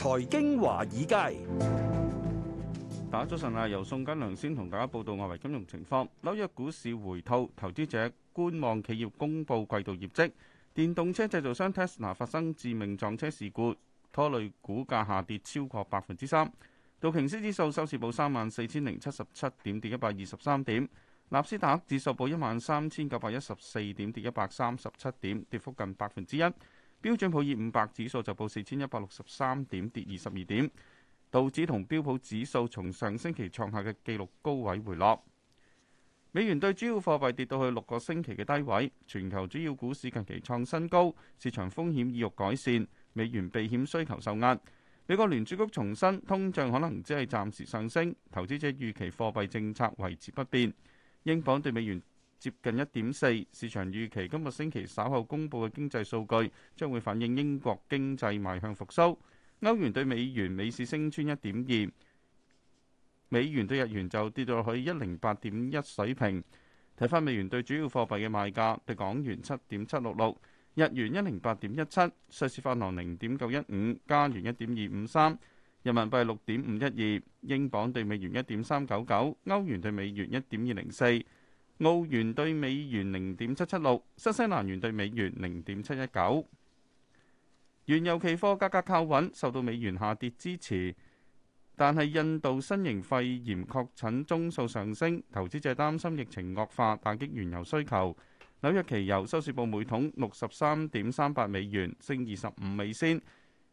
財經華爾街，大家早晨啦。由宋金良先同大家報道外圍金融情況。紐約股市回吐，投資者觀望企業公佈季度業績。電動車製造商 Tesla 發生致命撞車事故，拖累股價下跌超過百分之三。道瓊斯指數收市報三萬四千零七十七點，跌一百二十三點。納斯達克指數報一萬三千九百一十四點，跌一百三十七點，跌幅近百分之一。標準普爾五百指數就報四千一百六十三點，跌二十二點。道指同標普指數從上星期創下嘅紀錄高位回落。美元對主要貨幣跌到去六個星期嘅低位。全球主要股市近期創新高，市場風險意欲改善，美元避險需求受壓。美國聯儲局重申通脹可能只係暫時上升，投資者預期貨幣政策維持不變。英鎊對美元接近一點四，市場預期今個星期稍後公佈嘅經濟數據將會反映英國經濟邁向復甦。歐元對美元，美市升穿一點二，美元對日元就跌到去一零八點一水平。睇返美元對主要貨幣嘅賣價，對港元七點七六六，日元一零八點一七，瑞士法郎零點九一五，加元一點二五三，人民幣六點五一二，英鎊對美元一點三九九，歐元對美元一點二零四。澳元兌美元零點七七六，新西蘭元兌美元零點七一九。原油期貨價格靠穩，受到美元下跌支持，但係印度新型肺炎確診宗數上升，投資者擔心疫情惡化打擊原油需求。紐約期油收市報每桶六十三點三八美元，升二十五美仙。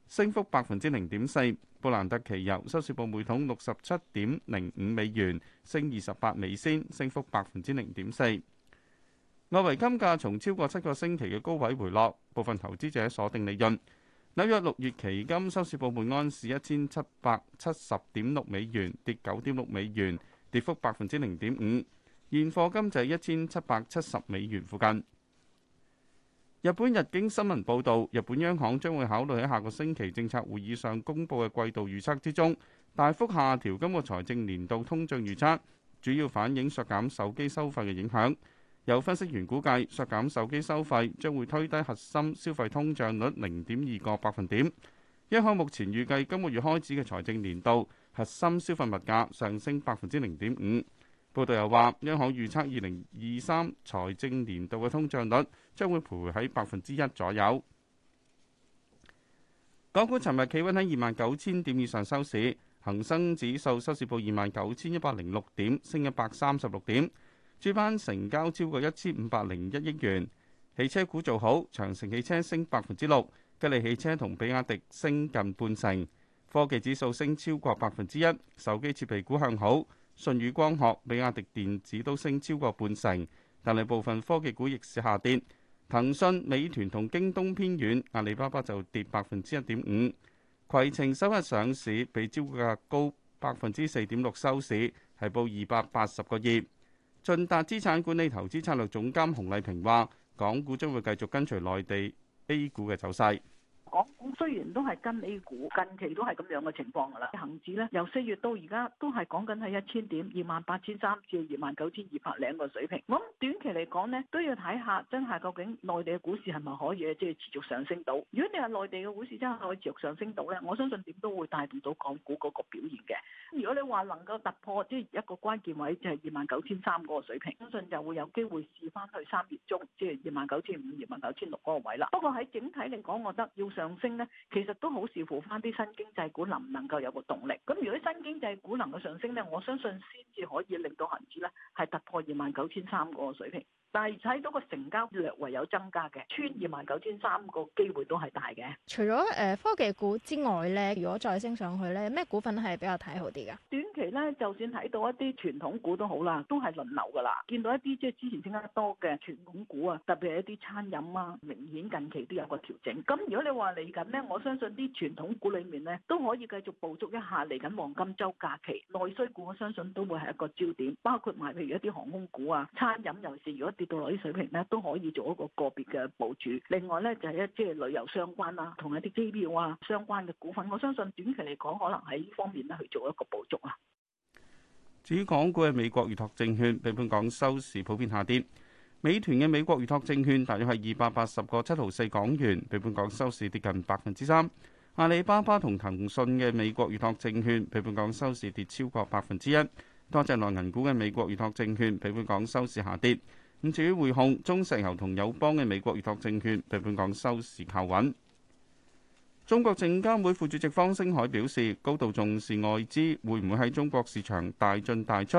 升幅百分之零點四。布蘭特期油收市報每桶六十七點零五美元，升二十八美仙，升幅百分之零點四。外圍金價從超過七個星期嘅高位回落，部分投資者鎖定利潤。紐約六月期金收市報每安士一千七百七十點六美元，跌九點六美元，跌幅百分之零點五。現貨金就喺一千七百七十美元附近。日本日經新聞報道，日本央行將會考慮喺下個星期政策會議上公布嘅季度預測之中，大幅下調今個財政年度通脹預測，主要反映削減手機收費嘅影響。有分析員估計，削減手機收費將會推低核心消費通脹率零點二個百分點。央行目前預計今個月開始嘅財政年度核心消費物價上升百分之零點五。報道又話，央行預測二零二三財政年度嘅通脹率將會徘徊喺百分之一左右。港股尋日企穩喺二萬九千點以上收市，恒生指數收市報二萬九千一百零六點，升一百三十六點，主板成交超過一千五百零一億元。汽車股做好，長城汽車升百分之六，吉利汽車同比亞迪升近半成，科技指數升超過百分之一，手機設備股向好。舜宇光學、比亞迪電子都升超過半成，但係部分科技股逆市下跌，騰訊、美團同京東偏軟，阿里巴巴就跌百分之一點五。攜程周一上市，比招股價高百分之四點六收市，係報二百八十個億。駿達資產管理投資策略總監洪麗萍話：，港股將會繼續跟隨內地 A 股嘅走勢。港股雖然都係跟 A 股，近期都係咁樣嘅情況噶啦。恒指咧由四月到而家都係講緊喺一千點二萬八千三至二萬九千二百零個水平。咁短期嚟講咧都要睇下，真係究竟內地嘅股市係咪可以即係、就是、持續上升到？如果你話內地嘅股市真係可以持續上升到咧，我相信點都會帶動到港股嗰個表現嘅。如果你話能夠突破呢、就是、一個關鍵位，即係二萬九千三嗰個水平，相信就會有機會試翻去三月中，即係二萬九千五、二萬九千六嗰個位啦。不過喺整體嚟講，我覺得要。上升咧，其實都好視乎翻啲新經濟股能唔能夠有個動力。咁如果新經濟股能夠上升咧，我相信先至可以令到恒指咧係突破二萬九千三個水平。但係睇到個成交略為有增加嘅，穿二萬九千三個機會都係大嘅。除咗、呃、科技股之外咧，如果再升上去咧，咩股份係比較睇好啲嘅？短期咧，就算睇到一啲傳統股都好啦，都係輪流嘅啦。見到一啲即係之前升得多嘅傳統股啊，特別係一啲餐飲啊，明顯近期都有個調整。咁如果你話嚟緊咧，我相信啲傳統股裏面咧都可以繼續捕捉一下。嚟緊黃金週假期，內需股我相信都會係一個焦點，包括埋譬如一啲航空股啊、餐飲，尤其是如果。跌到落呢水平咧，都可以做一個個別嘅補主。另外呢，就係一即係旅遊相關啊，同一啲機票啊相關嘅股份，我相信短期嚟講，可能喺呢方面咧去做一個補足啊。至於港股嘅美國預託證券，俾本港收市普遍下跌。美團嘅美國預託證券，大約係二百八十個七毫四港元，俾本港收市跌近百分之三。阿里巴巴同騰訊嘅美國預託證券，俾本港收市跌超過百分之一。多隻內銀股嘅美國預託證券，俾本港收市下跌。咁至於匯控、中石油同友邦嘅美國預託證券，對本港收市靠穩。中國證監會副主席方星海表示，高度重視外資會唔會喺中國市場大進大出，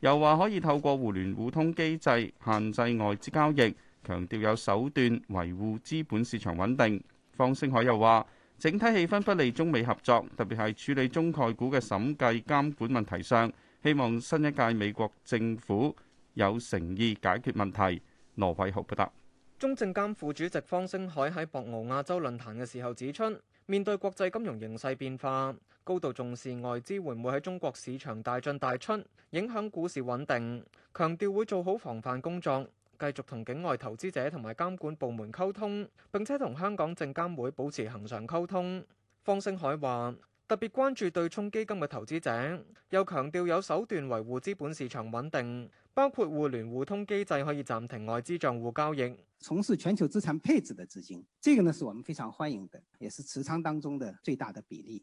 又話可以透過互聯互通機制限制外資交易，強調有手段維護資本市場穩定。方星海又話，整體氣氛不利中美合作，特別係處理中概股嘅審計監管問題上，希望新一屆美國政府，有誠意解決問題。羅偉豪報道，中證監副主席方星海喺博鰲亞洲論壇嘅時候指出，面對國際金融形勢變化，高度重視外資會唔會喺中國市場大進大出，影響股市穩定，強調會做好防範工作，繼續同境外投資者同埋監管部門溝通，並且同香港證監會保持恒常溝通。方星海話。特別關注對沖基金嘅投資者，又強調有手段維護資本市場穩定，包括互聯互通機制可以暫停外資帳戶交易。從事全球資產配置的資金，這個呢是我們非常歡迎的，也是持倉當中的最大的比例。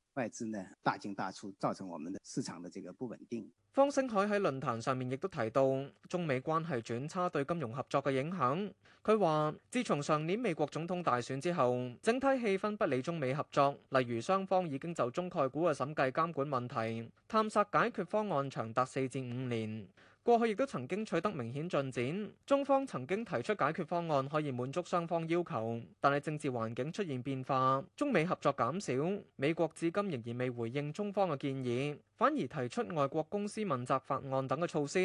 外資呢大進大出，造成我們的市場的這個不穩定。方星海喺論壇上面亦都提到中美關係轉差對金融合作嘅影響。佢話自從上年美國總統大選之後，整體氣氛不利中美合作。例如雙方已經就中概股嘅審計監管問題，探索解決方案長達四至五年。過去亦都曾經取得明顯進展，中方曾經提出解決方案，可以滿足雙方要求，但係政治環境出現變化，中美合作減少。美國至今仍然未回應中方嘅建議，反而提出外國公司問責法案等嘅措施。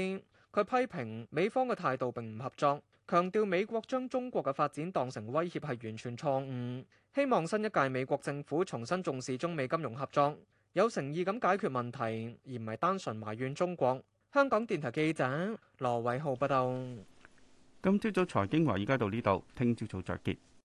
佢批評美方嘅態度並唔合作，強調美國將中國嘅發展當成威脅係完全錯誤。希望新一屆美國政府重新重視中美金融合作，有誠意咁解決問題，而唔係單純埋怨中國。香港電台記者羅偉浩報道。今朝早財經華爾街到呢度，聽朝早再見。